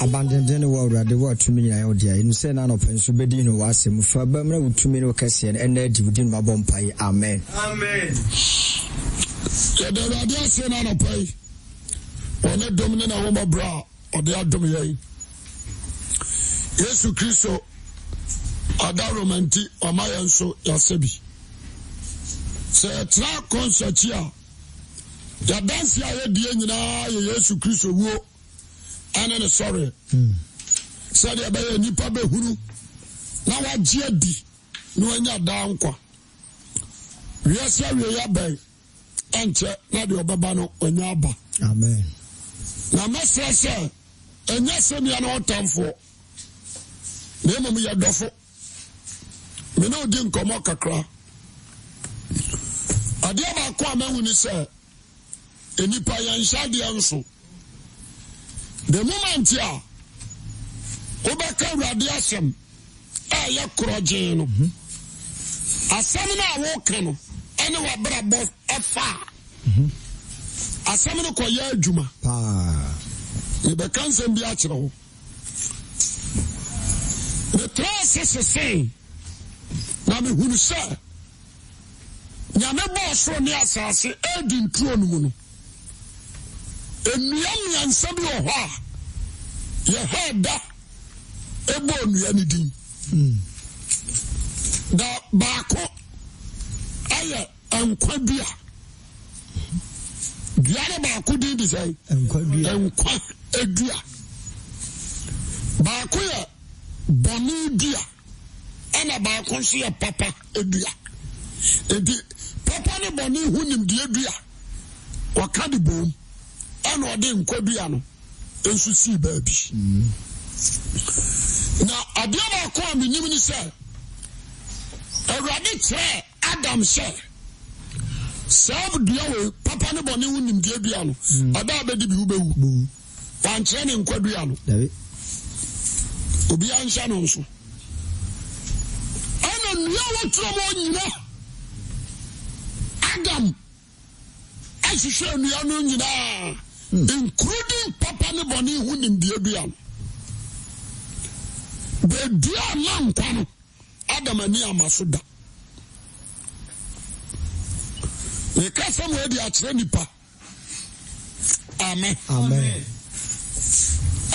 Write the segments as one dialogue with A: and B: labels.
A: abandenden wɔ awurade wɔ atumi nyinaa wɔ deɛ ɛnu sɛ nanɔpɛ nso bɛdi no wɔasɛm fa bɛmmerɛ wo tumi no kɛseɛ no ɛnɛ adi wodi no mabɔ mpae amen yɛde awurade aseɛ no anɔpa yi ɔne dom ne nawomɔbrɛ a ɔde adom yɛi yesu kristo adaroma nti ɔma yɛn nso yɛasɛ bi sɛ yɛtena kɔnsakyi a yɛdanse a yɛdie nyinaa yɛ yesu kristo wuo ɛne ne sɔre sɛdeɛ ɛbɛyɛ nnipa bɛhunu na wagye adi na wanya daa nkwa wiase awiei abɛn ɛnkyɛ na deɛ ɔbɛba no ɔnya aba na mɛsrɛ sɛ ɛnyɛ sɛnea na ɔtamfoɔ na mmom yɛ dɔfo me ne odi nkɔmmɔ kakra adeɛ baako a mahu ni sɛ nnipa yɛnhyɛ adeɛ nso the moment a wobɛka awurade asɛm a ɛyɛ korɔgyee no mhm. asɛm no a woka no ɛne wabrabɔ ɛfa a mhm. asɛm no kɔyɛ adwuma mebɛka nsɛm bi akyerɛ wo metrɛ se sesee na mehunu sɛ nyame bɔɔ soro ne asase adi nturo no mu no nnua mmiɛnsa bi wɔ hɔ a yɛhwɛ da ɛbɔ onua no din hmm. da baako ayɛ nkwa dua dua no baako din de sɛ nkwa dua baako yɛ bɔne dua ɛna baako nso yɛ papa dua enti papa ne bɔne ho nimdeɛ dua wɔka de bom ɛna ɔde nkwa dua no nso sii baabi na adeɛ baako a menim ne sɛ awurade kyerɛɛ adam sɛ saa dua wei papa ne bɔne wo nimdeɛ dua no ɛda hmm. a bɛdi bi wobɛwu hmm. wankyerɛ ne nkwa dua no obiaa nhyɛ no nso ɛna nnua wɔtwerɛ ma nyina adam ahwehwɛ nnua no nyinaa including papa ne bɔne ho nimdeadua baadua a na nkwa no adam ani ama so da meka sɛ ma adi akyerɛ nnipa amen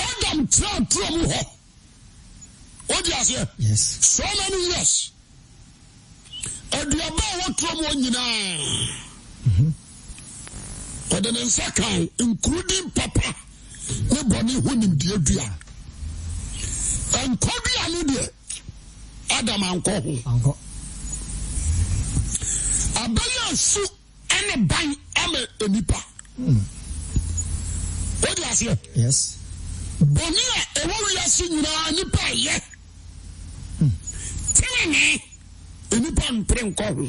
A: adam kyerɛ turo mu hɔ wodi aseɛ so many years aduaba a wɔturo mu hɔ nyinaa ɔde ne nsa kan including papa ne bɔne ho nimdeɛ dua nkɔ dua no deɛ adam ankɔ ho abɛyɛ asu ne ban ama nipa hmm. wode aseɛ bɔne a ɛwɔ wiase nyinaa nipa ɛyɛ hmm. tenene nipa mpere nkɔ ho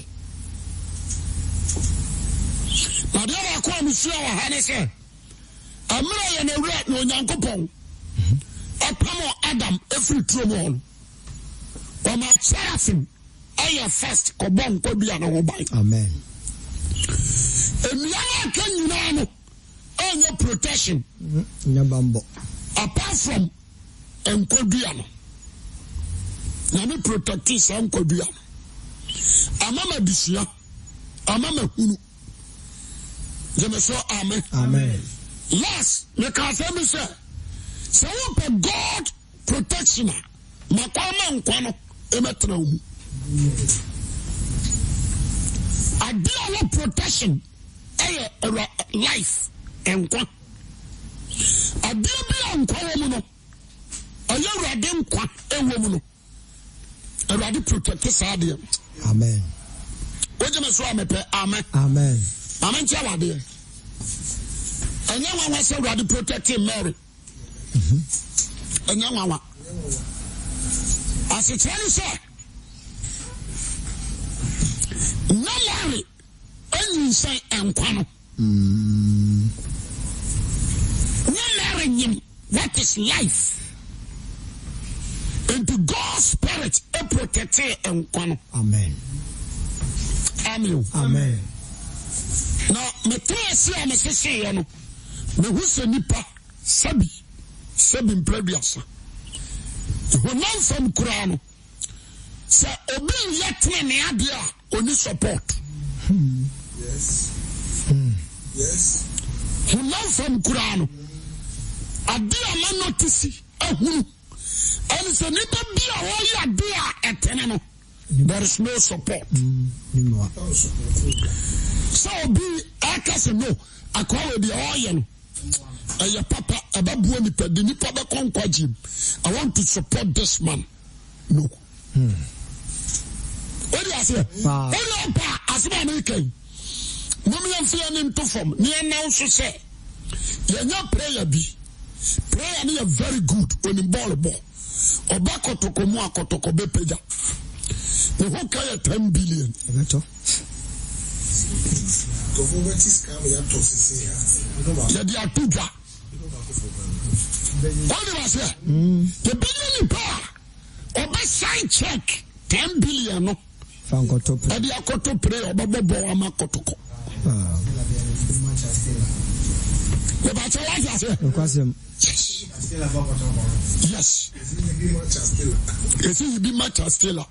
A: adeɛ baako a mesua wɔ ha ne sɛ mmerɛ yɛ no awura na onyankopɔn ɔpam adam ɛfiri turo mu hɔ no ɔma serafim ɛyɛ first kɔbɔ nkɔdua ne ho ban nnua no aka nyinaa no ɛnyɛ protection mm-hmm. apart from nkɔdua no nyame protecti saa nkɔdua no ama ma disua ama ma hunu gyemeso ame las meka sɛ mi Se sɛ wopɛ god protection a makwama nkwa no ɛmɛtena wo a protection ɛyɛ eh, ɛwura eh, life nkwa adeɛ bi a nkwa wɔ mu radi ɛyɛ awurade nkwa ɛwɔ mu no awurade protect eh, amen wogyeme so a amen amen maame adeɛ ɛnyɛ nwanwa sɛ protecting mary ɛnyɛ nwanwa asekyerɛ sɛ na mary ɛnkwa no na mary nyim what is life god spirit ɛnkwa no amen amen, amen. amen. na metee ase a meseseeɛ no mehu sɛ nipa sabi sabi mpraduasa honamfam kuraa no sɛ obi nyɛ tenene adeɛ a ɔni support honamfam koraa no adeɛ a ma notisi ahunu ɛne sɛ nipa bi a wɔyɛ adeɛ a ɛtene no there is no support mm. Sa obi akase nou, akwa we di oyen, a ya papa, a ba buwe ni pedi, ni papa kon kwa jim, hmm. a wan te support desman nou. Oli ase, oli opa, ase ban we ken. Mou mi anfe ane mtoufom, ni anna ou sose. Yanyan preya bi, preya ni a very good, o ni bal bo, o bako toko mwa, koto ko be peda. E wou kaya ten bilion. yɛde ato dwa ɔdebasɛ yɛbɛnya nipa a ɔbɛsan check ten billion no ɛde akɔtɔ pere ɔbɛbɔbɔ ama kɔtɔkɔ mebakyɛ woafiase yes ɛsɛ yibi ma chastela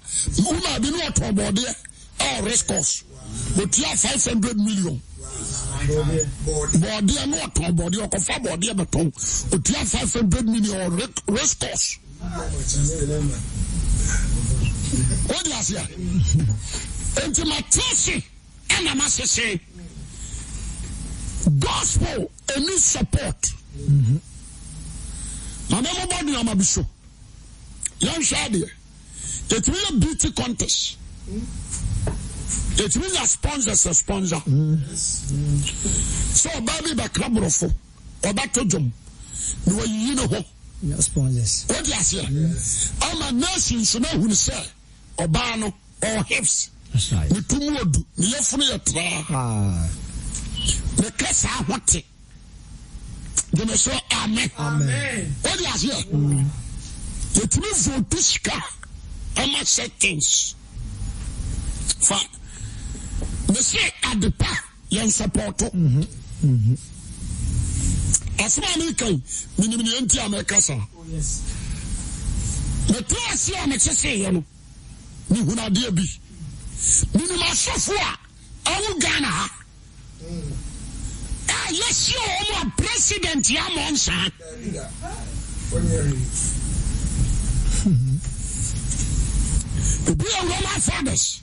A: woma bi ne ɔtɔ bɔdeɛ a risk off wɔtua 500 million bɔɔdeɛ ne ɔtɔn bɔɔdeɛ ɔkɔfa bɔɔdeɛ bɛtɔn ɔtua 500 million race course wode aseɛ enti mate se ɛna masese gospel ɛni support na mɛmɔbɔ nneɔma bi so yɛnhwɛ adeɛ yɛtumi yɛ beauty contest it means a sponsor is a sponsor So by you are sɛ ɔbaa bi bɛkra borɔfo ɔbɛto dwom na wayiyi ne ho wode aseɛ ama nations no ahunu sɛ ɔbaa no ɔhips ne tumu ɔdu ne yɛfono yɛ The case I want it. te gyeme say, amen Amen. What wode aseɛ yɛtumi votu sika ama settings fa mese ade pa yɛnsɛpɔɔto asoma a merekai menim neɛnti a mereka saa oh, metra ase a mekyeseeɛ no mehunadeɛ bi menim asɔfo a ɛwo ghana ha mm. ah, a yɛsie wɔ mu a president yɛ amɔ nsaa obi awurama fathers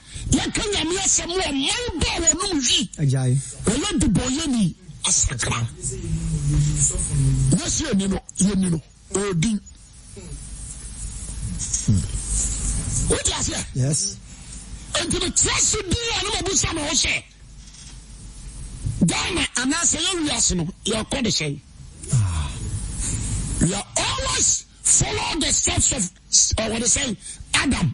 A: yɛka nyame asɛm wɔ man bɔ wɔ nom hwi ɛyɛ debɔ yɛni asakra na sɛ no yɛni no ɔɔdin wote aseɛ enti so din a ne mabusa ma wo ghana anaasɛ yɛwiase no yɛkɔ de ah. we are always follow the steps of uh, what they adam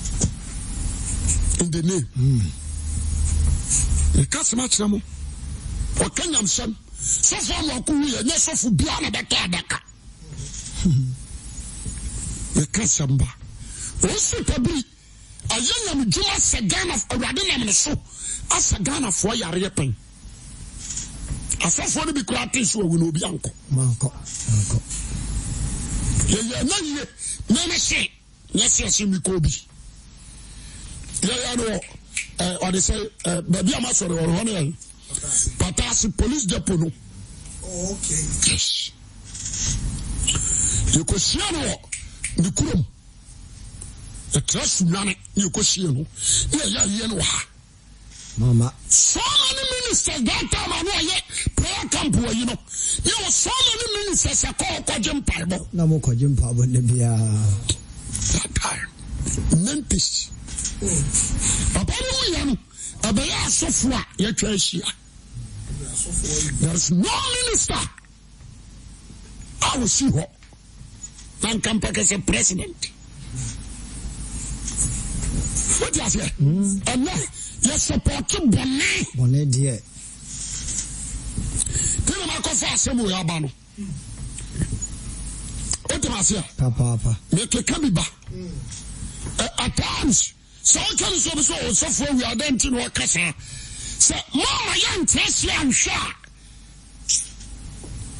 A: Onde ne, hmm. e kase mati namo, o kenyam sem, se fwa mwakouye, nye sou fwou biyane dekè dekè. Hmm. E kase mba, ou sou pebli, a yon yon djouman se gen av a wadi nem nesou, a se gen av fwa yare pen. A se fwa di bi kwa ati sou a wounou bi anko. Man anko, man anko. Ye ye, nan ye, nan me se, nan se yon si mwikoubi. yɛyɛ no wɔ ɔde sɛ baabi a masɔre wɔre hɔ no yɛ patase police depo no yes yɛkɔhyia no wɔ ne kurom yɛtra sumane ne yɛkɔhyie no ne yɛyɛ awie no wɔ ha mama so many ministers that time ano ɔyɛ prayer camp wɔ yi no yɛ wɔ so many ministers ɛkɔ ɔkɔgye mpaebɔ na mokɔgye mpaebɔ ne biara that time memphis papa no wuyɛ no ɛbɛyɛ asɔfoɔ a yɛtwa ahyia there is no minister a wɔsi hɔ na nka mpa kɛ sɛ president wote aseɛ ɛnɛ yɛsupɔte bɔne bɔne deɛ tena makɔfa asɛm wɔ aba no wotem aseɛ papaapa mekeka bi ba at times saa ɔka no sɛ ɔbɛsɛ ɔsɔfoɔ awi adan nti na ɔka saa sɛ mama yɛnkyerɛ se anhwɛ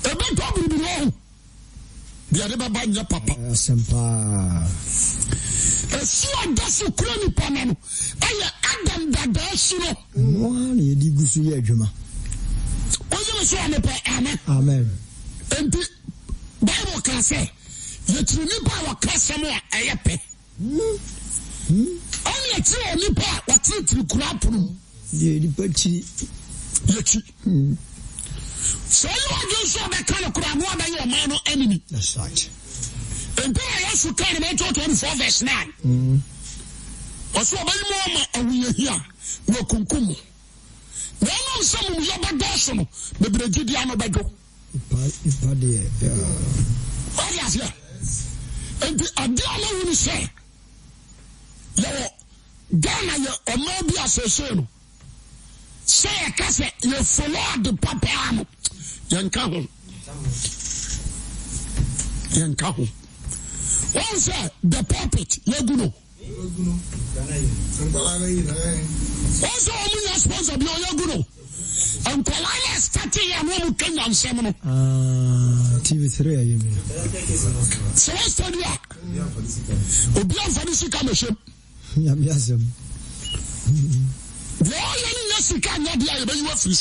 A: a ɛbɛtɔ biribi wɔ ho deɛde bɛba nyɛ papa ɛsi ɔda so kura nipa no no ɛyɛ adam dadaa si no na yɛde gu so yɛ adwuma ɔyɛ me so amepɛ amen enti bible kaa sɛ yɛkyiri nipa a wɔka sɛm a ɛyɛ pɛ hmm? Hmm? ɔne akyire wɔ nipa a wɔtenetene kura apono mu yɛ nipa kyiri yɛkyi sɛ ɔyɛ ɔdwe nso ɔbɛka no kora no ɔbɛyɛ ɔman no animi mpe a yɛso ka ne matthew 24 verse 9 ɔsɛ ɔbɛyi mu ɔma awuyahia na ɔkunkum mo na ɔnam sɛ mumuyɛ bɛdɔɔso no bebree gyidi ano bɛdwo ɔde aseɛ nti ade a mahunu sɛ yɛwɔ ghana yɛ ɔma bi asɛsɛ no sɛ yɛka sɛ yɛfolɔde papaa no yɛnka ho yɛnka ho wɔn sɛ the pulpit yɛgu no wɔn sɛ wɔn nyɛ sponsor bi ɔyɛgu no nkɔla yɛ stati yɛ no ɔmu kenya nsɛm no sɛ wɔn stadi a obi amfani sika na hyɛm wɔyɛ no nya sika nyɛ deɛ a yɛbɛyi isso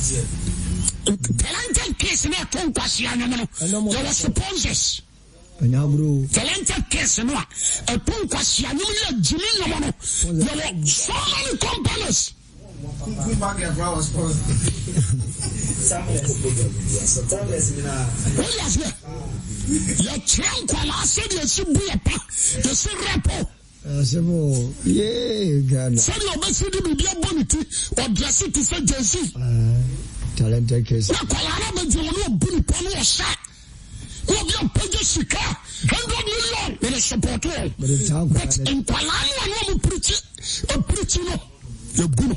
A: so talented case ne ɛto nkwasea nwom no yɛwɔ sponsors talented case no a ɛto nkwasea nwom ne é nwom no yɛwɔ so many companies Who back your flowers yɛkyerɛ nkɔlaa sɛdeɛ ɛsi rɛpo sɛdeɛ ɔbɛsi de ne ti ɔdrɛse te sɛ na no wɔ ne ɔbu ɔhyɛ na sika hundred million mede but no a ne apirikyi no yɛbu no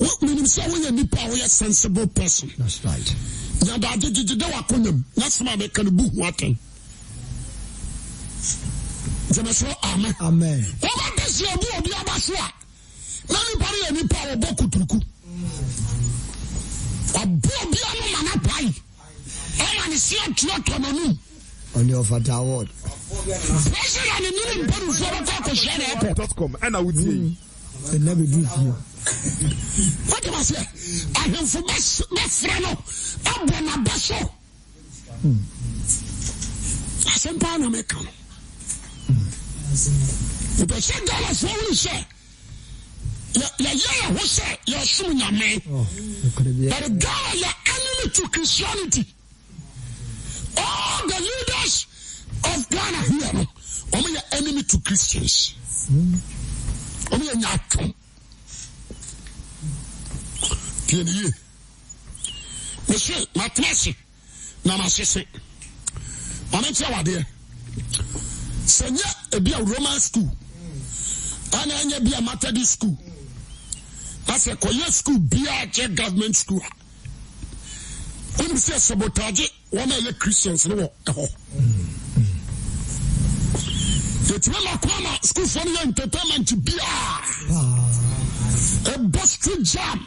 A: menim sɛ woyɛ nipa a woyɛ sensible person nyadaade gyegye dɛ wakonyam na sɛm a mɛka no bu ho atɛn gyemɛsoro amen wobɛde sɛ obi obi aba so a na nipa no yɛ nipa a wɔbɔ kuturuku ɔbo obia no ma no pae ɛma ne sea tuatɔ n'anim on your fata award. president ni nimu mpanyinfoɔ bɛ kɔ akɔhyɛ na ɛkɔ. dot com ɛna wudie. ɛna bɛ di funu. wọ́n wá sẹ́ ahemfo bẹ́frẹ́ no abọ̀ n'aba so asẹ́mpa na mi kàn ìbẹ̀sẹ̀ gánà fún wọn sẹ́ yẹyẹ yẹ ho sẹ yẹ sum nyame bẹ̀rẹ̀ gánà yẹ enemy to Christianity all the leaders of Ghana here no wọ́n yẹ enemy to Christians wọ́n yẹ nyàtọ̀. Pye diye Mese, matre se Nan mase se Anen se wade Senye e biye roman skou Anen e biye mater di skou Ase kwenye skou Biye akye gavmen skou Un mese se botaje Wane ye krisen se nou De tme makwama Skou sonye entotementi biye E bostri jam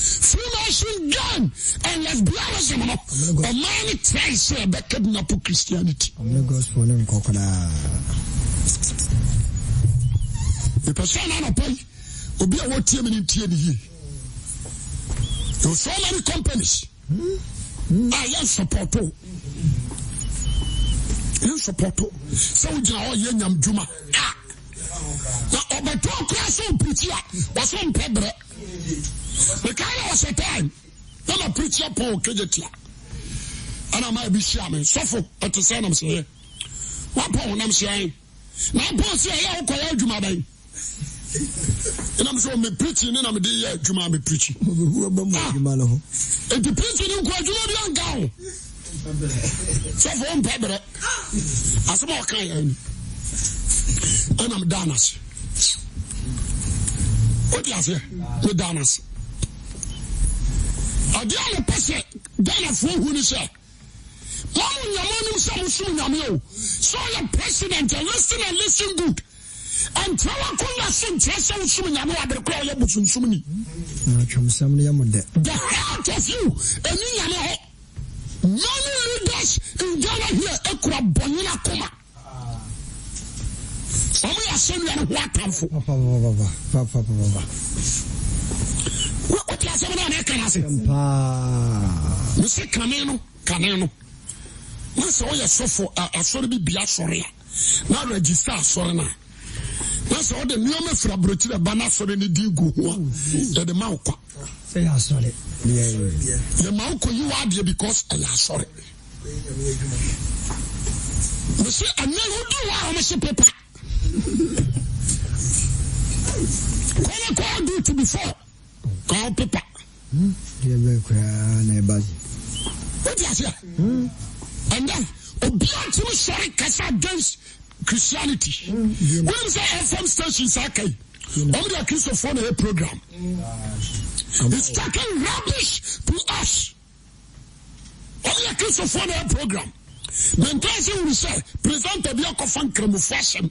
A: freemason john and lesbianism no ɔmaa no try sɛ de dinapo christianity en train de se yi obi a e. there so many companies se supporto supporto Mwen ka yon wase time. Yon wap priti yon pou keje tla. Anan maye bi sya men. Sofo, ete se yon nam se yon. Wan pou yon nam se yon. Wan pou yon se yon yon kwa yon djuma ben. Yon nam se yon me priti yon yon nam de yon djuma me priti. E ti priti yon kwa djuma di an ka yon. Sofo, yon pebe de. A se mwen wakay yon. Yon nam dan as. O yon se yon. Yon dan as yon. adeɛ a mepɛ sɛ ghanafoɔ hu no sɛ mamu nyama nim sɛ mosom nyame o sɛ ɔyɛ president listen and listen good ɛntra wakonnwa so nkyerɛ sɛ wosom nyame wabere kora ɔyɛ bosomsom ni atwamsɛm no yɛ mo dɛ the health of you ɛni nyame hɔ many leaders in ghana here ɛkura bɔnyena koma ɔmo yɛ asɛnnua no ho atamfo wote asɛm no anɛka no ase mesɛ kane no kane no na sɛ woyɛ sɔfo asɔre bi bia sɔre a na regista asɔre no a na sɛ wode nneɔma firi aburokyire ba no asɔre no di gu ho a yɛde ma wo kwa yɛma wo kɔ yi waadeɛ because ɛyɛ asɔre mesɛ ɛnɛ wodi wɔ a ɔmehye pepa kɔne kɔɔ do to before kɔ pepa. And then, ɛnɛ obia tumi sɔre kasa against christianity wonim sɛ fm station saa kai ɔm de akristofoɔ na yɛ program It's talking rubbish to us ɔm de akristofoɔ na yɛ program menkaa sɛ wuru sɛ presenter bi akɔfa nkramofoɔ asɛm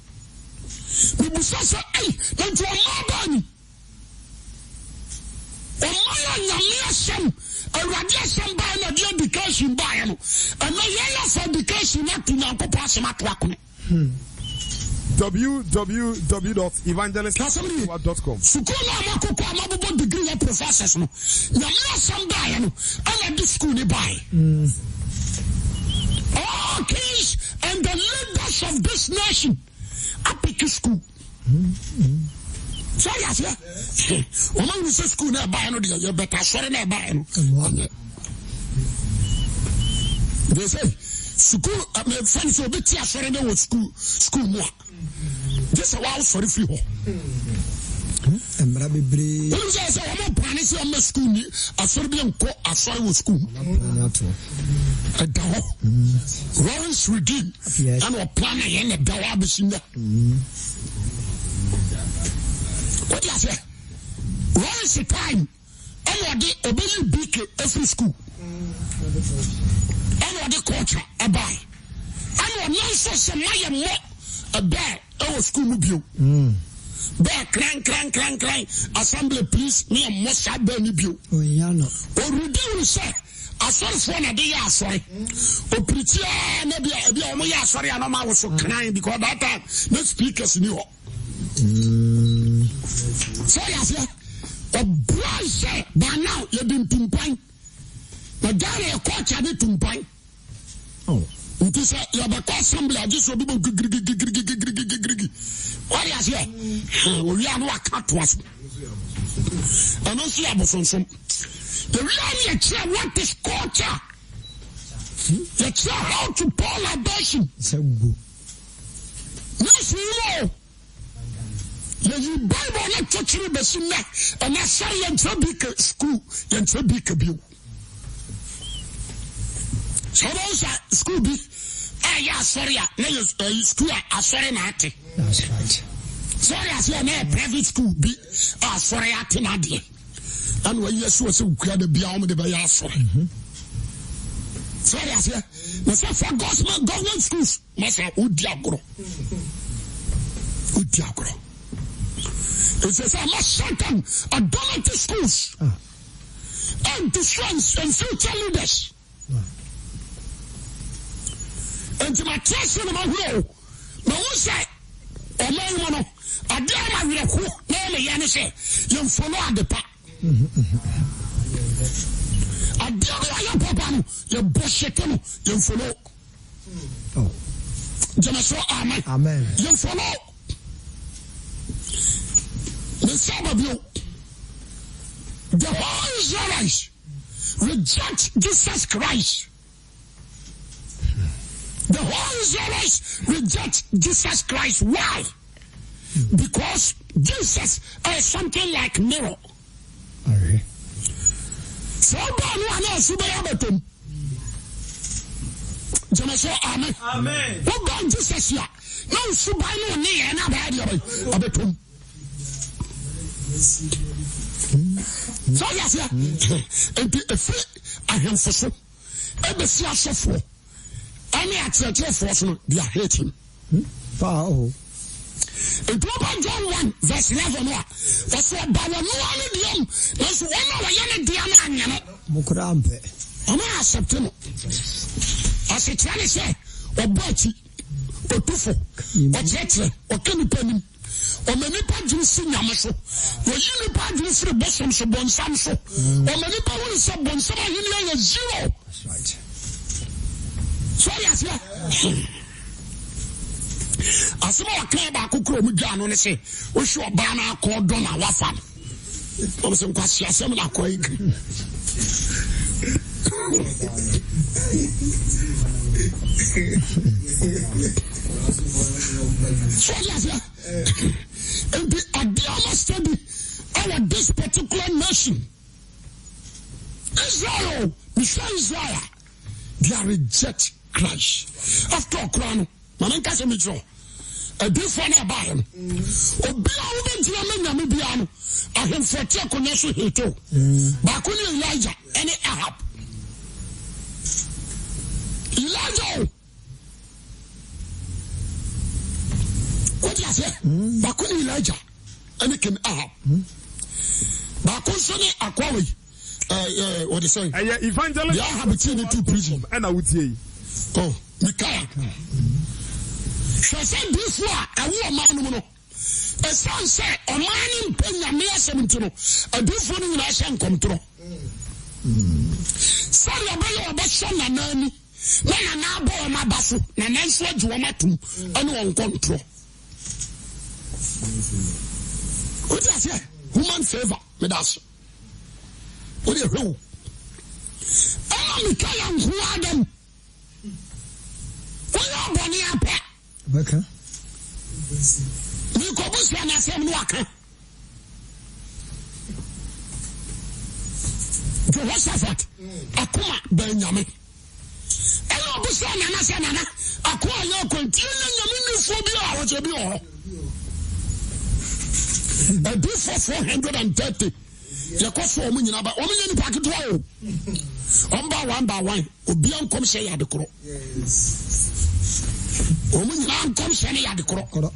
A: mibusa sɛ ɛyi nti ɔmaa baa ni ɔmaa yɛ nyame asɛm awurade asɛm baa na de education baa no ɛna yɛyɛ sɛ education ato nyankopɔn asɛm ato akono www.evangelist.com sukuu naa mo akoko a mo abobɔ degree professors no nyame asɛm baa yɛ no ɛna de school ne baa yɛ all kings and the leaders of this nation. Ape ki skou. Sorya se. Oman ou se skou ne e bayan ou deye. Yon bete a sorya ne e bayan. De se. Sikou. Ame fany se oube ti a sorya ne ou skou. Sikou mwa. De se waw sorya fli hon. mmara bebree. wọ́n sọ sọ wọ́n pàrọ̀ sí ọmọ sukuu ni asọ́rọ̀ bí nkọ asọ́rọ̀ wọ sukuu. ẹ̀dá hɔ mm. Lawrence Redeem ɛna ɔplan na yɛn na ɛda hɔ abɛsi nda. o di ase Lawrence time ɛna ɔde ɔbɛyi BK efiri sukuu ɛna ɔde culture ɛba ɛna ɔnan sɔ sɛ mayɛ mmɔ ɛbɛɛ ɛwɔ sukuu mu bio. Mm. bɛɛ krankrankrankran assembly please ne yɛ mmɔ saa bɛɛ ni bio ɔrediw oh, sɛ asɔrefoɔ na de yɛ asɔre opirikyia na bi a ebi a wɔn yɛ asɔre a na wɔn awo so kran because that time na speakers ni hɔ mm. sɛ yɛaseɛ ɔbura sɛ by now yɛde ntumpan na ghana yɛ kɔɔkya de tumpan nti sɛ yɛbɛkɔ assembly agye sɛ obi bɛ nkigirigirigiri aseɛ owia no waka toa so ɛno nso yɛ abosonsom owia no yɛkyerɛ what is culture yɛkyerɛ how to paul abortion nasuo no yɛyi bible ne kyekyere bɛsi nnɛ ɛnɛ sɛ yɛntra bi school. skuul yɛntra bi ka bio sɛ wobɛwo sa skuul bi ɛyɛ asɔre a na yɛ skuul a asɔre na ate sɛre aseɛ ɛnɛ private school bi asɔre atena adeɛ ɛna wayi asuo sɛ wokura da bia wɔmde bɛyɛ asɔre sɛre aseɛ na sɛ fa gospel government schools masa wodi agorɔ wodi agorɔ ɛsɛ sɛ ma satan adolate schools and to friends and future leaders nti matrɛ se no mahuro na wo sɛ ɔma mu no ade a mawerɛho na ɛmeyɛ ne sɛ yɛmfono ade pa ade a wayɛ papa no yɛbɔ hyɛte no yɛmfono gyeme so amen yɛmfono mensa ba bio the whole israelites reject jesus christ the whole israelites reject jesus christ why because Jesus is something like mirror. So ɔbaa no ana ɔso bɛyɛ abɛtɔm gyama jesus a no ne yɛ no abɛyɛ deɛ ɔbɛtɔm sɛ ɔyɛ aseɛ enti ɛfiri ahemfo so ɛbɛsi asɔfoɔ ɛne akyerɛkyerɛfoɔ so no de ahate him hmm? oh nti wobɛ john 1 verse 11 a ɔsɛ ɔba wɔ noa no deɛm nanso wɔn a wɔyɛ ne dea no anyɛ no mokora mpɛ ɔma asɛpte no ɔsekyerɛ ne sɛ ɔbɔ akyi ɔtofo ɔkyerɛkyerɛ ɔka nipa nim ɔma nipa adwene si nyame so wɔyi nipa adwene firi bɔsom so bɔnsam so mm. ɔma nipa wone sɛ bɔnsam ahene ayɛ zero so ɔyɛ aseɛ asɛm a wɔkaa baako kura mu gyaa no ne sɛ wohwe ɔbaa no akɔ dɔ na wafa no ɔm sɛ nkwahye asɛm na akɔ yɛkiri so ɔde aseɛ nti ade amasta bi ɛwɔ this particular nation israel mehwɛ israel a they are reject christ after ɔkora no mame nka sɛ mekyerɛ adifoɔ no ɛbaeɛ no obia wobɛgyina ma nyame bia no ahemfoɔ te akonnwa so heto baako ne elija ɛne ahab elija o wode aseɛ baako ne elija ɛne kem ahab baako nso ne akɔwei wɔde sɛ ɛyɛ evangelist ahab tie ne to prison ɛna wotie yi oh, mikaia hwɛ sɛ difo a ɛwo ɔman no mu no ɛsiane sɛ ɔman no mpa nyame asɛm nti no adifoɔ no nyinaa hyɛ nkɔmtorɔ sɛde ɔbɛyɛ ɔbɛhyɛ nanaa ni na nanaa bɔ ɔma ba so nana nso agye wɔm atom ɛne wɔn nkɔntorɔ wode aseɛ human favor meda so wode hwɛ wo ɛma meka yɛ nkoa adam woyɛ ɔbɔne apɛ bɛka mikɔbu sua na asɛm no waka jehoshaphat akoma bɛn nyame ɛna ɔbu sua nana sɛ nana ako a yɛ akwantie ne nyame nifoɔ bi a wɔkyɛ bi wɔ hɔ ɛdifoɔ four hundred and thirty yɛkɔ so ɔmo nyinaa ba ɔmo nyɛ nipa ketewa o ɔmo ba one by one obiara nkɔm hyɛ yɛ adekorɔ. ɔmu nyinaa nkɔm sɛ ne yɛade korɔ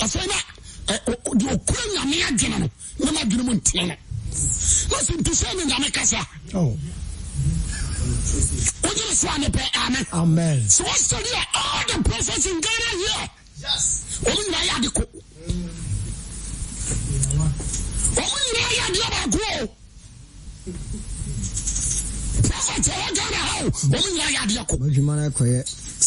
A: afei na eh, deɛ ɔkura nyame adwene no na madwene mu ntene no na sɛ nti sɛ ne nyame kasa wogyene oh. so a ne pɛ amen sɛ wostudy a all the prophets in ghana here ɔmu nyinaa yɛade ko ɔmu nyinaa yɛadeɛ baako o prophet ɛwɔ eh, ghana ha o ɔmu nyinaa yɛadeɛ ko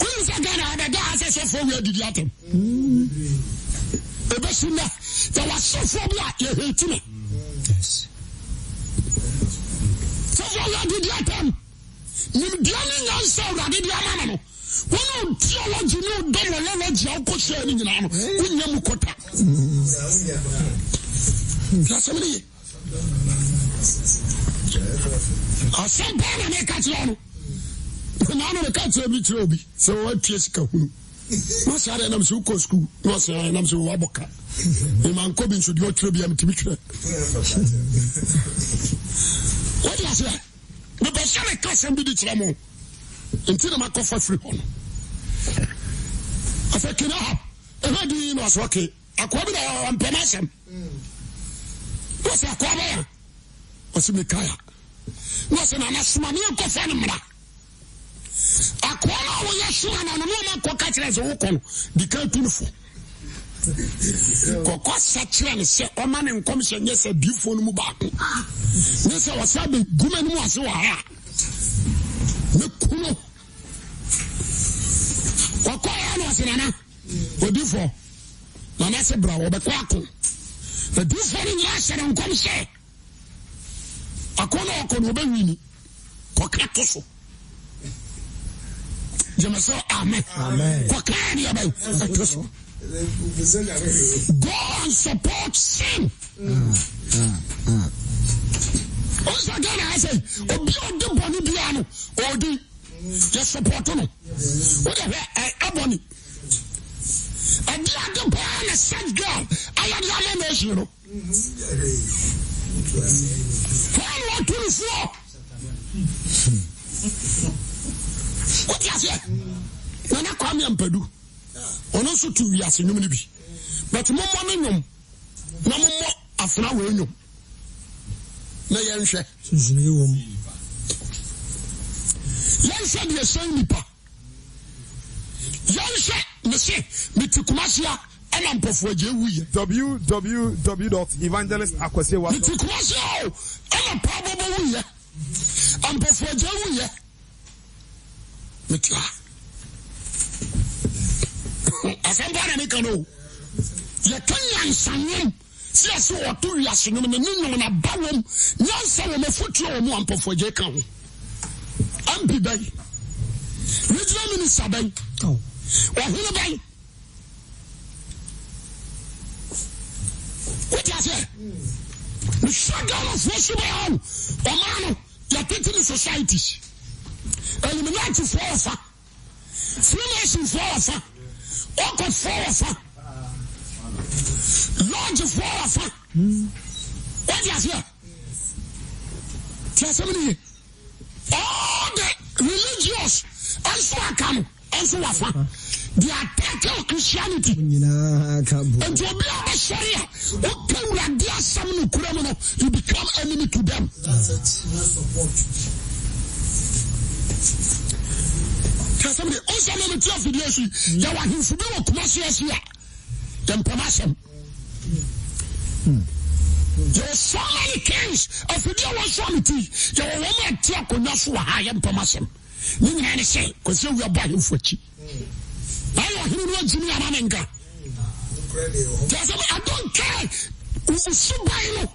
A: wọ́n sẹ́ gánà àdàdà àṣẹṣẹ́ fún wíwá didi àtẹ̀m. ebe si nà yà wà sẹ́fọ́ bí a yẹ hẹ́ ti nà. sẹ́fọ́ wíwá didi àtẹ̀m nimdiya ni nyà ń sẹ́ ọ̀rọ̀ àdidi àmà nà nù wọ́n ní tíọ́lọ́jì ní ọ̀dọ́mọlọ́lọ́jì àwòkọ́ ṣe ẹni nyìnà nù wọ́n nyẹ́ mu kọ́ta. yàtọ̀ mi nìyẹn. ọ̀sẹ̀ bẹ́ẹ̀ maame ne ka kyerɛ bi kyerɛ obi sɛ watie sika hunu na saa deɛ nam sɛ wokɔ sukuu na ɔsɛ nam sɛ wabɔ ka mmankɔ bi nso deɛ ɔtwerɛ bia metumi twerɛ wode aseɛ mebɛhyɛ ne ka sɛm bi de kyerɛ mo nti na makɔfa firi hɔ no afɛ kene ha ɛhɛ di na ɔsɛ ɔke akoa bi na ɔmpɛm asɛm na ɔsɛ akoa bɛya ɔsɛ mekae a na ɔsɛ nana soma ne mmara Ako anwa woye shu anwa, nouman kwa katre zo wokon, dikè yu tu nifo. Kwa kwa se twe mi se, omane yu komise nye se bifo noumou bapi. Nye se wase abe gume noumou asewa aya. Ne kou nou. Kwa kwa anwa se nana, yu bifo, yane se bla, wabekwa akon. Yu bifo ni nye asede yu komise. Ako nou akon, wabekwa wini. Kwa katre zo. Je me sens amen kọkàn yẹ bẹ veux dire? go and support sin. o sọ gánà obi boni bọni bi ano ọdún je support no o yẹ hwẹ ẹ abọni ẹdi a set girl ayọdẹ ayẹ na ehyir no wọn wọ tunu fún wote aseɛ na ne kwame ampadu ɔno nso to wiase nwom no bi but mommɔ no nwom na mommɔ afena wei nwom na yɛnhwɛ yɛnhwɛ deɛ sɛn nipa yɛnhwɛ ne se mete kumase a ɛna mpɔfoɔ gye wuyɛ www.evangelistakwasiwa mete kumase a o ɛna paa bɔbɔ wuyɛ ampɔfoɔ gye wuyɛ metua asɛmpa na meka no yɛtɔ nyansawom sɛ yɛ sɛ wɔto wiase nwom no ne nwom naba wom nyansa wɔ mafotuo wɔ mu a mpɔfoagye ka ho ampi bɛn regional minister bɛn ɔhene bɛn wote aseɛ hmm. mesɛ ghanafoɔ so bɛɛ ɔma no yɛtete ne eliminate foɔ ɔfa free nation foɔ ɔfa ɔkɔ foɔ ɔfa lɔɔgye foɔ ɔfa wɔdi aseɛ ti asɛm ni ye all the religious ɛnso come, no ɛnso wafa they attack taking christianity And you a ɔsɔre a ɔpɛ wuladi asɛm no kura mu no you become enemy to them. That's it. That's kasɛm de ɔsɛ na mete afidie so yɛwɔ ahemfo bi wɔ kuma se asi a yɛmpɛm asɛm yɛwɔ so many kings afidie wɔ so me ti yɛwɔ wɔn a ɛte akonnwa so wɔ ha yɛmpɛm asɛm ne nyinaa ne sɛ kɔsi awia bɔ ahemfo akyi ayɛ ɔhene no agyimi ama ne nka kasɛm i don't care usuban no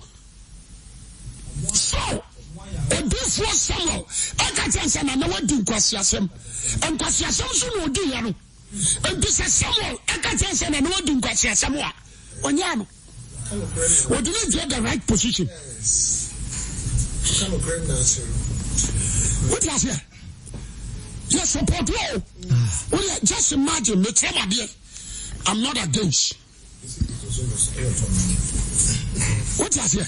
A: ɔsɔfoɔ samuel ɛka kyɛ sɛ nana wadi nkwaseasɛm nkwaseasɛm so na ɔdi yɛ no nti sɛ ɛka kyɛ sɛ nana wadi nkwaseasɛm a ɔnyɛ no wɔde no deɛ the right position wote aseɛ yɛ support wɔ o wodeɛ just imagine mekyerɛ m adeɛ i'm not against wote aseɛ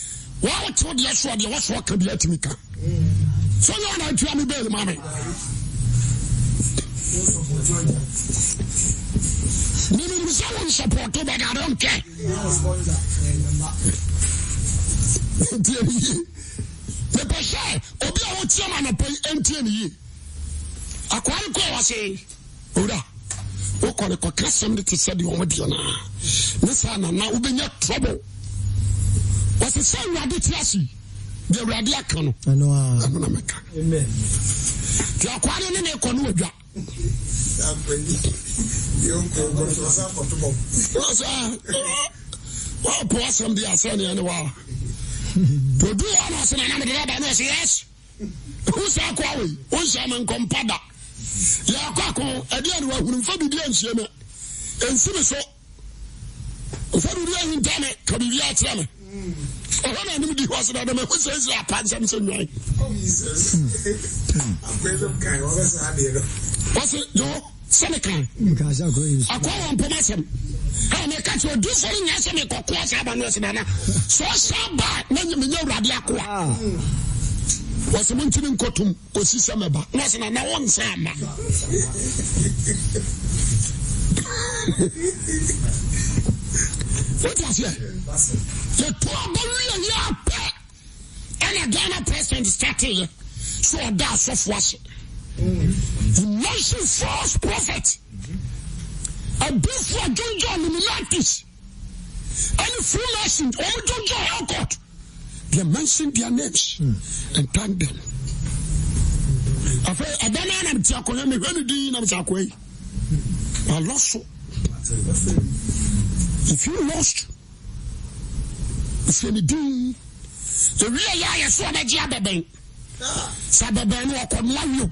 A: wa wote wo deɛ soɔ deɛ wɔsɛ ɔka deɛ atumi ka so nyɛ ɔna atua me baali ma me menim sɛ wo nsupɔto but i don't care ntie ne yie mepɛ sɛ obi a wotia ma anɔpɔ yi ɛntie ne yie akware kɔɔ wɔ se owura wokɔre kɔkra sɛm de te sɛ deɛ ɔmo deɛ naa ne saa nana wobɛnya trouble ɛsɛ sɛ awurade te ase deɛ awurade aka no ɛno na mɛka nti ɔkoa no ne ne kɔ no wadwa wɔpo asɛm bi asɛneɛ ne waa odu hɔ no ɔsena na mede daba ne ɛsɛ yes wo saa koa wei wonhyɛ me nkɔmpa da yɛakɔ ako ɛdeɛ ne wahunu mfa biribi anhyie me ɛnsi me so mfa biribi ahinta me ka biribi akyerɛ me Awa nan nimi di wase nan ane, wase yon se apan hmm. Hmm. se mi se nyoye. Awa mi se ane. Ape hmm, se mkai, wase ane yon. Wase, yon, se mkai. Mkai e se ane. A kwa wampo masen. A wame katsi yo, di soli nye ah. se me kwa kwa saban wase nan ane. So saban, menye menye wladi akwa. Wase menye chinin kotoum, kwa si se me ba. Wase nan ane, wane se ane man. Wase ane. foto a bɛwie yɛ apɛ ɛna ghana president stateɛ sɛ ɔda asɔfoɔ ase nation false prophet abifo adwonjo illuminatis ɛne freemason ɔmo dwonjo helcot they mention their names mm. and thank them afei ɛda no anam te akɔyɛ mehwɛ no din nam sɛ akɔyi alɔ so if you lost ɛfiri ne din ɛwie yɛ ayɛ so ɔbɛgye abɛbɛn sɛ abɛbɛn no ɔkɔnoa wio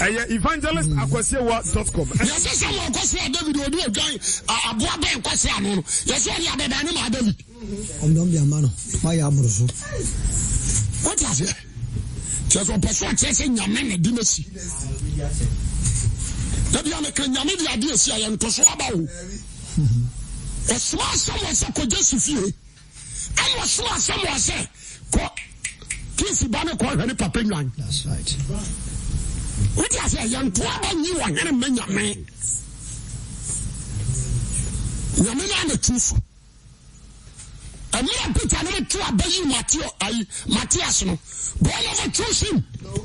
A: ɛyɛ evangelist akwasiawa dot com. yɛsɛ sɛ wɔn kɔsi a david odi odwan aboa bɛn kɔsi ano no yɛsɛ ɔni abɛbɛn ne maa david. ɔmdɔm bi ama no wayɛ aburo so. wọ́n ti ase kyerɛ sɛ ɔpɛ so ɔkyerɛ sɛ nyame na di n'esi dabi a meka nyame di adi esi a ntoso aba o. ɔsoma asɛm wɔ sɛ kɔgye si ɛna ɔsoma asɛm wɔ sɛ kɔ kiisi ba ne kɔhwɛ ne papa nwan wode asɛ yɛntoa ba nyi wɔ hene mma nyame nyame no ana tu so ɛmerɛ peter ne bɛto aba matias no god never chose him no.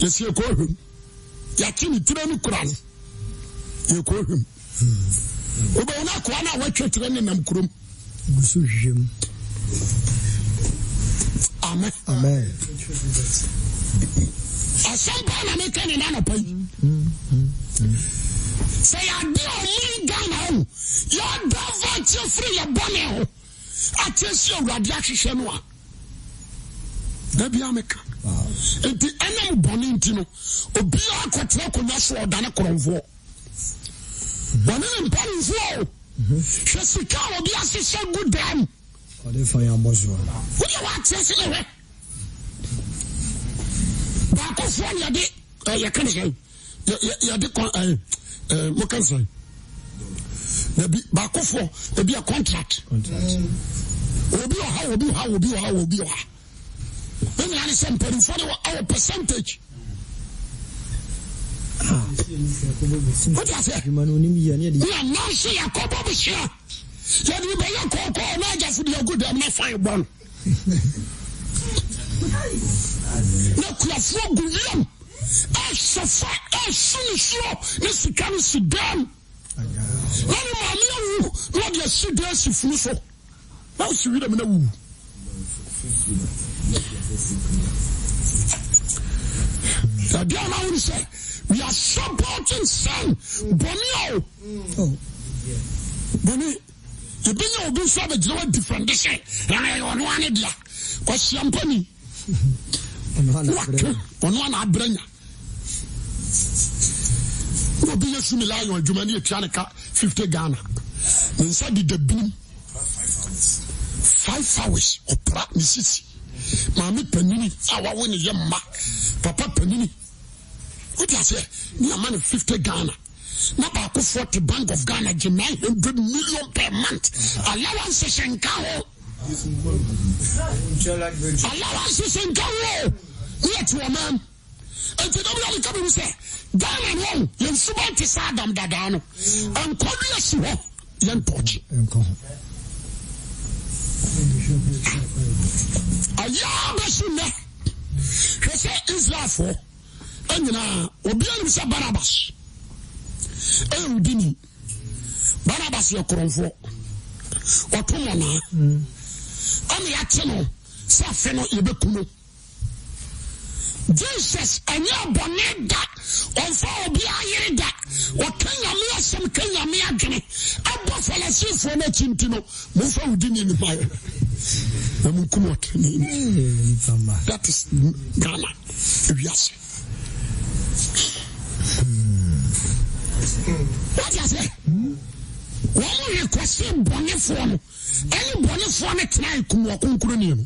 A: yɛsi yɛ kɔ hwem yɛakye ne tire no kura no yɛ kɔ hwem obɛwo no akoa no a wɔatwa tire ne nam kurom gu so hwehwɛm amen amen asɛm paa na meka ne nanɔpa yi sɛ yɛade ɔman ghana ho yɛada va kyɛ firi yɛ bɔne ho akyɛ si awurade ahwehwɛ no a da é bia nti ɛnam bɔne nti no obiara akɔtena akonnwa so ɔdane korɔmfoɔ bɔne ne mpanimfoɔ o hwɛ sika a wɔde ahyehyɛ gu dam wodeɛ woateɛ se ne hwɛ baakofoɔ ne yɛde yɛka ne sɛe yɛde moka sɛe nabi baakofoɔ ebi yɛ contract obi ɔha obi ɔha obi ɔha obi ɔha ne nyinaa ne sɛ mpanimfoɔ de wɔwɔ percentage wọ́n yà sẹ́ yà náà ṣe yà kọ́ bọ́ bù ṣe yà yà ni bẹ́ẹ̀ yà kọ́ kọ́ ọ̀nà àjà fún yà gùdù ẹ̀mí fà yà bọ́n. na kurafo guliam ẹ sọfa ẹ sunisuo ne sika ne si dẹ́m wọn ni maame awu wọn de esi dẹ́ẹ̀sì funu so wọn si wi dẹ́mi na wu. ɛdeɛ na wone sɛ we are supporting sin bɔne o bɔne yɛbɛnya obi nso abɛgyina wa difrɛnde sɛ ɛyɛ ɔno a ne dea kwahyia mpa ni waka ɔno a na abrɛ nya na obi yɛ sumi lion adwuma ne yɛtua ne ka 50 ghana ne nsa deda binim 5 hours ɔpra ne sisi maame panini a wawo ne yɛ mma papa panini wote aseɛ ne ama no fifty ghana na baako forty bank of ghana gye nine hundred million per month allowance hyɛ nka ho allowance hyɛ nka ho ne yɛ te ɔman nti dɔm yɛ nika bi mu sɛ ghana no ɔn yɛn suba te saa dam dadaa no nkɔdu asi hɔ yɛn tɔɔkye ɛyɛ bɛsi nɛ hwɛ sɛ israelfoɔ ɛnyinaa obiara nim sɛ barabas ɛyɛ odini barabas yɛ korɔmfoɔ ɔto mɔnaa ɛna mm. yɛakye no sɛ afe no yɛbɛku no jesus ɛnyɛ ɔbɔne da ɔmfa ɔbia yere da ɔka nyame asɛm ka nyame adwene ɛbɔ farisifoɔ no akyi nti no momfa wodi ne nimayɛ na monkum ɔtene that is ghana ewiase wode asɛ wɔn rekwɛse bɔnefoɔ no ɛne bɔnefoɔ no tena akum wɔ konkuroniɛ no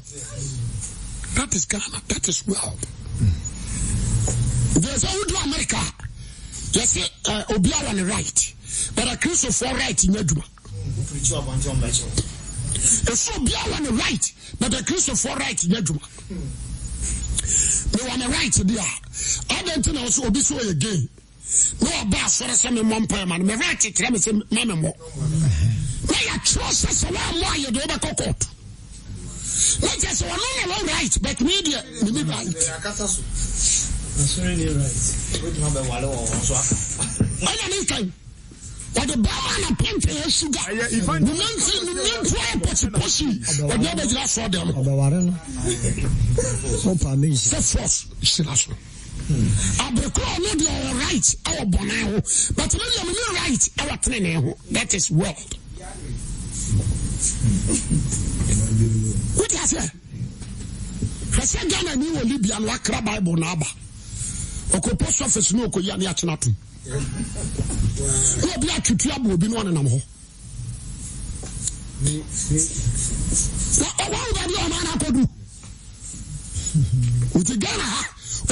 A: that is ghana that is world there's sɛ wodu america yɛse on the right but akristofoɔ right nyɛ adwuma ɛsɛ on the right but akristofoɔ right nyɛ adwuma No one right deɛ a adɛn nti na wo sɛ obi sɛ again. No, na ɔba asɔre sɛ semi mpaɛ man. no me to tell me sɛ May memmɔ trust yɛkyerɛ sɛ more? You do not wobɛkɔ kɔɔto not just one on our right, but media, maybe right. That's really right. wɔde bɛma na pɛnta yɛ suga numanti numanti ayɛ pɔsipɔsi wɔde abɛgyina sɔɔ dɛm sɛ fɔs hyira so abirikura ɔno deɛ ɔwɔ right ɛwɔ bɔnɛ ho bàtà mi yɛ mi ni right ɛwɔ tẹnɛnɛ ho that is world. wote aseɛ hwɛ sɛ ghana ni wɔ libya no wakra bible na aba ɔkɔ post office ne ɔkɔyia ne akyena tom ne obi atwetu abɔ obi ne ɔnenam hɔ na ɔwɔ awuradeɛ ɔma no akɔdu nti ghana ha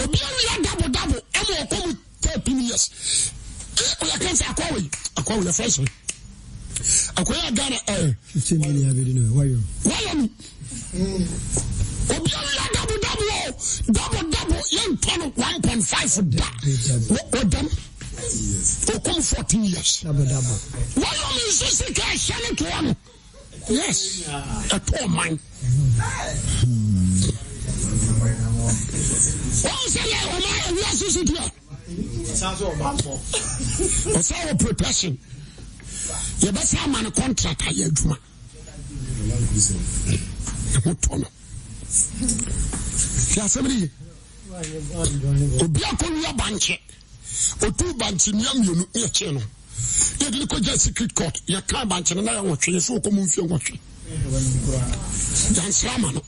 A: obiara yɛ dabo dabo ama ɔkɔ mu thirteen years ɔyɛ kɛnsɛ akɔwe akɔwe yɛ fɛsɛ akwai ghana ɛɛ. Eh. fifteen million bi di na wayo. wayo mi. obiara yɛ dabu dabu o dabu dabu yɛn tɔnu one point five da o dam o kom fourteen years. dabu dabu. wayo mi nso si ka ɛhyɛ ne toa no yes ɛtɔ man. wɔn sɛ yɛ wɔn ayɛ wiase si diɛ. ɔsɛ wɔ preparation. Ye be flaman kontrata ye duman. Yon ton. Ya sebe di ye. Obya kon yon banshe. O tou banshe nyon yon yon ete non. Yon gliko jen sekrit kot. Yon ka banshe nan yon wache. Yon sou kon moun fwe yon wache. Jan flaman.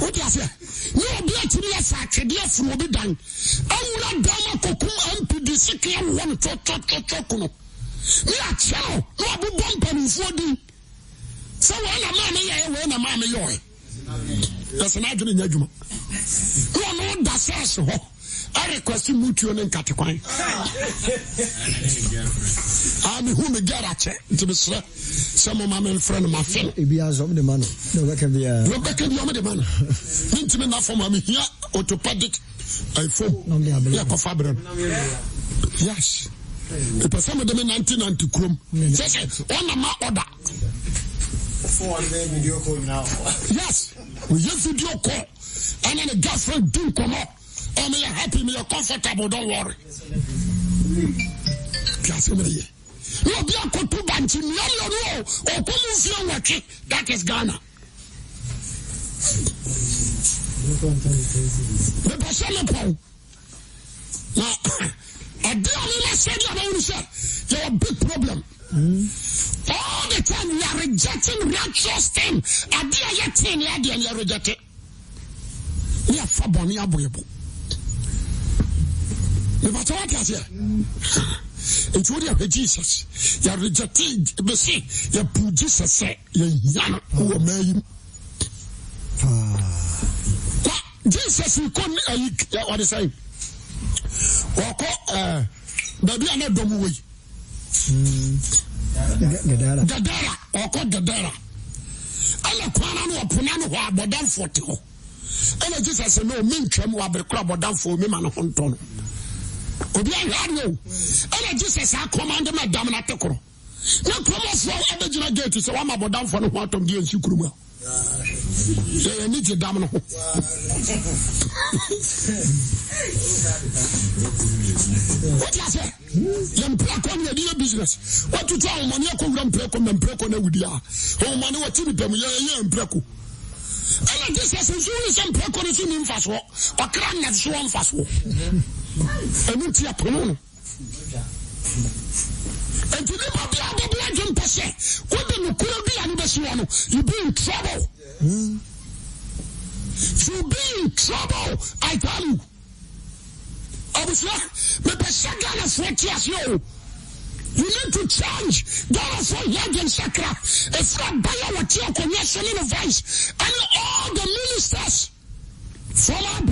A: Obya sebe. Yon obye chini ya sakye. Diya foun oby dan. An wlan dyan an koku an pidi. Sike yon chok chok chok chok konon. me akyɛw na wabobɔ mpanimfoɔ din sɛ wɔn na maa mi yɛ wɔn na maa mi yɛ ɔyɛ yɛsɛ n'adwene nyɛ adwuma na ɔno da sɛɛse hɔ ɛrekwɛsi mutuo ne nkatekwan a mehu me gyara kyɛ nti mesrɛ sɛ moma memfrɛ no mafe no wobɛka bia mede ma no mentimi na fɔm a mehia autopadic iphone eh, yɛkɔfa berɛ no yes ɛpɛ sɛ mede me nante nante kurom sɛ sɛ ɔnama ɔda yes woyɛ video call ɛne ne girlfriend di nkɔmmɔ ɔmeyɛ happy meyɛ comfortable don't worry piasɛ mereyɛ ne obi akɔto bankye mmiammiɔno o ɔkɔ mu mfie nwɔtwe that is ghana mepɛ sɛ mepɔw na ɔde ɔno no di a wɔwuru sɛ yɛwɔ big problem all the time we are rejecting righteous thing ade a yɛtee ne adeɛ ne yɛregyɛte ne yɛfa bɔne aboɛbo mepata wate aseɛ nti wode ahwɛ jesus yɛregyɛte bɛse yɛpuu jesus sɛ yɛhia no wɔ maa yim jesus nkɔ ne ayi ɔde sɛe wɔkɔ ɛɛ eh, baabi a na dɔm wɔ yi. Hmm. gadara gadara wɔkɔ gadara ɛna kwana no ɔpona no hɔ abɔdanfoɔ te hɔ ɛna jesus ne o mi ntwam wɔ abirikura abɔdanfoɔ mi ma ne ho ntɔ obi ahwɛ no ɛna jesus akɔmande ma dam na te korɔ na kuroma foɔ abɛgyina gate sɛ wɔama abɔdanfoɔ no ho atɔm deɛ nsi kuruma sɛ yɛni gye dam no ho wotiasɛ yɛmprɛkɔ ne yɛde yɛ business woatoto ahomane akɔwura mprɛkɔ ma mprɛkɔ no awudi a ahomane wɔte nipa mu yɛyɛ mprɛko ɛna gye sɛ sɛ nso wone sɛ mprɛkɔ no so ni mfasoɔ ɔkra nnɛte so wɔ mfasoɔ ɛno nti apɔno no nti ne ma bia bɛbi a mpɛ sɛ wode nokora bi a ne bɛsi wɔ you be in trouble mm. you be in trouble i tell you abusua mepɛ sɛ ghanafoɔ te aseɛ o You need to change. Therefore, Yagin Sakra, a frat buyer, what you are, voice, and all the ministers, former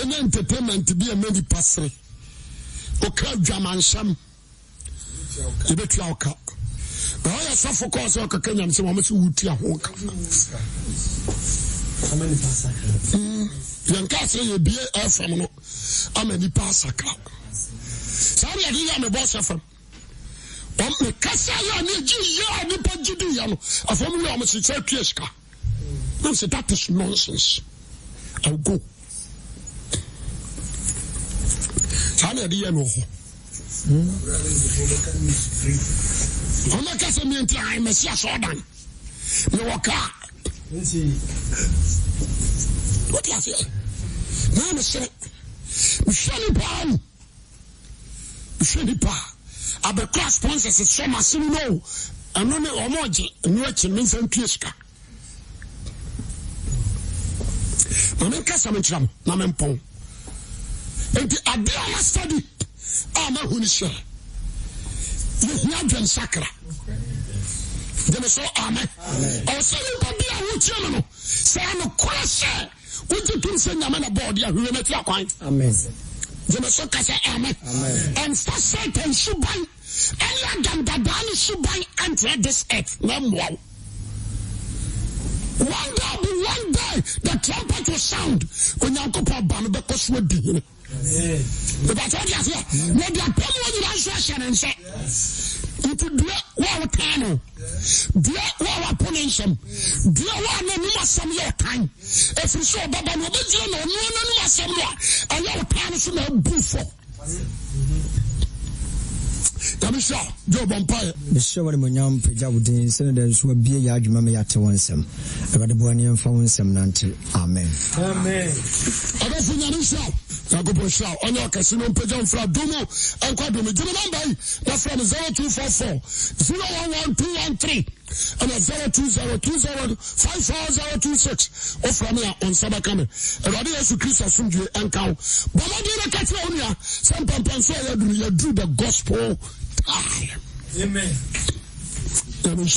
A: ɛne entertainment bi a mani pasere ɔka adwamansɛm yɛbɛtua woka na ɔyɛ sɔfo kɔɔ sɛ ɔkaka nyam sɛ wɔm sɛ wotua ho ka hmm. yɛnka sɛ yɛbie fm no ama nipa asakra saa wode yɛde yɛ mebɔ sɛ fam mekasa yɛ ne agye yɛ a nipa gye di yɛ no afam yɛ ɔm sɛ sɛ atua sika na sɛ that is nonsense I'll go. saa e, na yɛde yɛ no hɔ ɔmɛka sɛ mienti ae tu as mewɔ kaa wote aseɛ Non mehwɛ pas. mehwɛ abɛkora sponsors sɛ no ɛno ne ɔma ɔgye ɛno akyi me nsa ntue sika ma menka e sɛ menkyerɛ m na pas. nti ade a ma study a ma hu ni hyɛ yehu adwen sakra gyeme so amen ɔsɛ nipa bi a wotie no no sɛ anokora hyɛ wogye tom sɛ nyame na bɔɔde ahwewɛ no atia kwan gyeme so ka sɛ amen ɛmfa satan suban ɛne adamdadaa ne suban antrɛ this earth na mmoa one day one day the trumpet will sound When you onyankopɔn ba no bɛkɔ so adi hene ìbàtà ọdí àfẹ wọn di apẹmu wọn nyinaa nso ahyẹ ne nsa nti dua wọn a wọtaa no dua wọn a wapọ ne nsam dua wọn a n'anum asam yɛ ɔtan efiri sɛ ɔbɛba no ɔbɛgyina na ɔnua n'anum asam no a ɛyɛ ɔtan no so na ebu fɔ. Yamisha, Joe Bompire. Mr. Wadimonyam Pejawudin, Senator Swabia Yajuma Yate Wansem. Abadibuanian Fawnsem Nanti. Amen. Amen. Amen nyankopɔn hyira ɔnyɛ ɔkɛse no mpagya mfra do ɛnkɔ do mu gyeme namba yi na frɛ no 0244 011213 ɛna 0202054026 wofra me a ɔnsa bɛka me awurade yesu kristo asomdwe ɛnka wo bɔmmɔden no ka kyerɛ wo nua sɛ mpampanso a yɛaduru yɛduru the gospel time Amen. Amen.